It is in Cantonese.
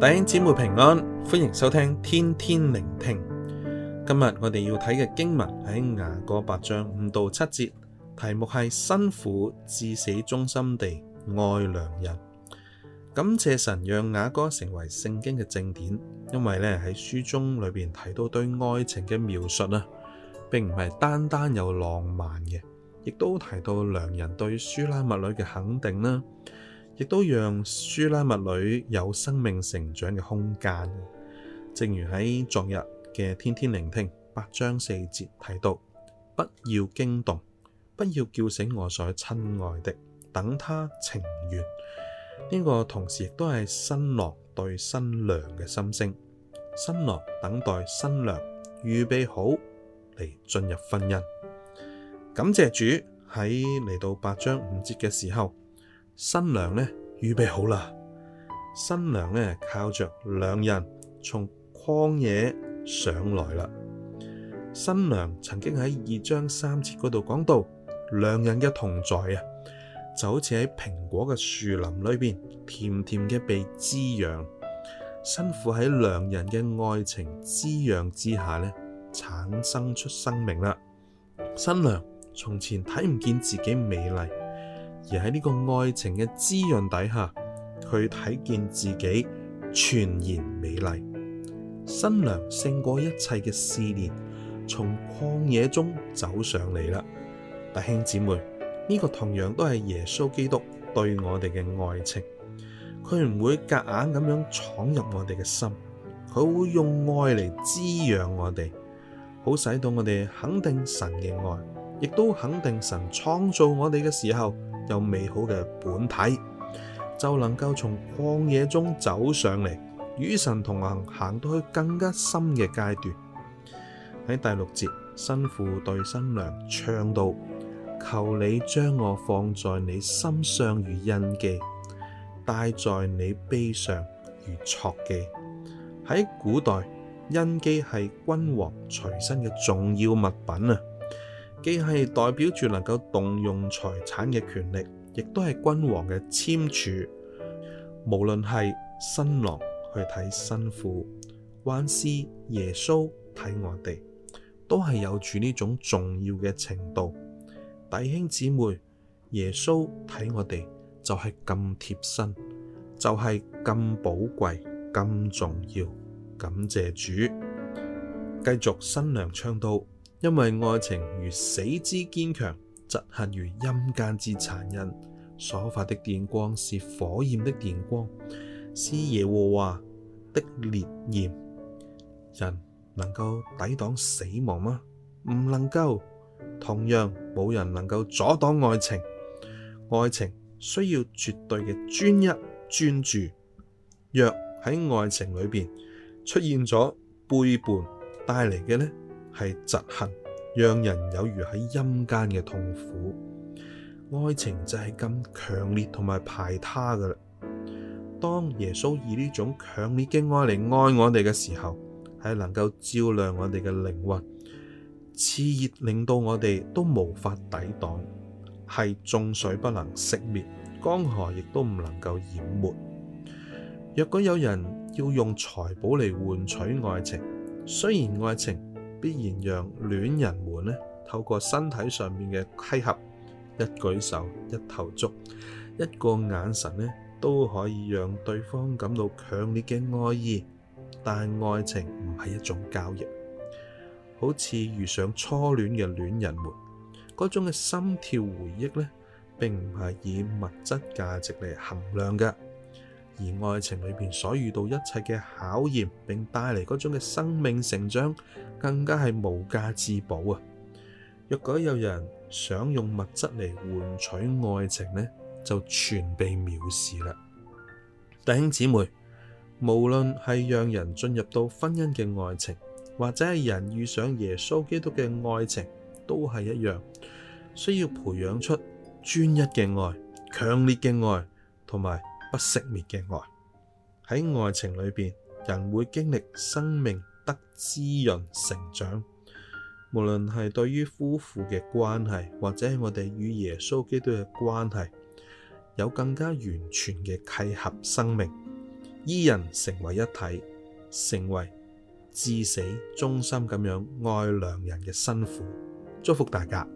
弟兄姊妹平安，歡迎收聽天天靈聽。今日我哋要睇嘅經文喺雅歌八章五到七節，題目係新婦至死忠心地愛良人。感謝神讓雅歌成為聖經嘅正典，因為呢喺書中裏邊提到對愛情嘅描述啦，並唔係單單有浪漫嘅，亦都提到良人對書拉密女嘅肯定啦。亦都讓書拉密女有生命成長嘅空間，正如喺昨日嘅天天靈聽八章四節提到，不要驚動，不要叫醒我所親愛的，等他情願。呢個同時亦都係新郎對新娘嘅心聲，新郎等待新娘，預備好嚟進入婚姻。感謝主喺嚟到八章五節嘅時候。新娘呢，預備好啦！新娘呢，靠着良人從曠野上來啦。新娘曾經喺二章三節嗰度講到，良人嘅同在啊，就好似喺蘋果嘅樹林裏邊，甜甜嘅被滋養，新婦喺良人嘅愛情滋養之下呢，產生出生命啦。新娘從前睇唔見自己美麗。而喺呢個愛情嘅滋潤底下，佢睇見自己全然美麗。新娘勝過一切嘅試煉，從曠野中走上嚟啦。弟兄姊妹，呢、這個同樣都係耶穌基督對我哋嘅愛情。佢唔會夾硬咁樣闖入我哋嘅心，佢會用愛嚟滋養我哋，好使到我哋肯定神嘅愛，亦都肯定神創造我哋嘅時候。有美好嘅本體，就能夠從曠野中走上嚟，與神同行，行到去更加深嘅階段。喺第六節，新婦對新娘唱道：求你將我放在你心上如印記，戴在你臂上如戳記。喺古代，印記是君王隨身嘅重要物品啊！既是代表着能夠動用財產的權力，亦都係君王的簽署。無論是新郎去睇新婦，還是耶穌睇我哋，都是有住呢種重要的程度。弟兄姊妹，耶穌睇我哋就是這麼貼身，就是這麼寶貴、這麼重要。感謝主，繼續新娘唱到。因為愛情如死之堅強，嫉恨如陰間之殘忍。所發的電光是火焰的電光，是耶和華的烈焰。人能夠抵擋死亡嗎？唔能夠。同樣，冇人能夠阻擋愛情。愛情需要絕對嘅專一專注。若喺愛情裏邊出現咗背叛，帶嚟嘅呢係嫉恨讓人有如喺陰間嘅痛苦。愛情就係咁強烈同埋排他㗎喇。當耶穌以呢種強烈嘅愛來愛我哋嘅時候，係能夠照亮我哋嘅靈魂，熾熱令到我哋都無法抵擋，係眾水不能熄滅，江河亦都唔能夠淹沒。若果有人要用財寶來換取愛情，雖然愛情，必然讓戀人們透過身體上面嘅契合，一舉手一投足，一個眼神咧都可以讓對方感到強烈嘅愛意。但是愛情唔係一種交易，好似遇上初戀嘅戀人們嗰種嘅心跳回憶呢，並唔係以物質價值嚟衡量嘅。而愛情裏邊所遇到一切嘅考驗，並帶嚟嗰種嘅生命成長，更加係無價之寶啊！若果有人想用物質嚟換取愛情呢，就全被藐視啦。弟兄姊妹，無論係讓人進入到婚姻嘅愛情，或者係人遇上耶穌基督嘅愛情，都係一樣，需要培養出專一嘅愛、強烈嘅愛同埋，不熄滅嘅愛。喺愛情裏邊，人會經歷生命得滋潤、成長。無論係對於夫婦嘅關係，或者係我哋與耶穌基督嘅關係，有更加完全嘅契合生命，二人成為一體，成為至死忠心咁樣愛良人嘅新婦。祝福大家。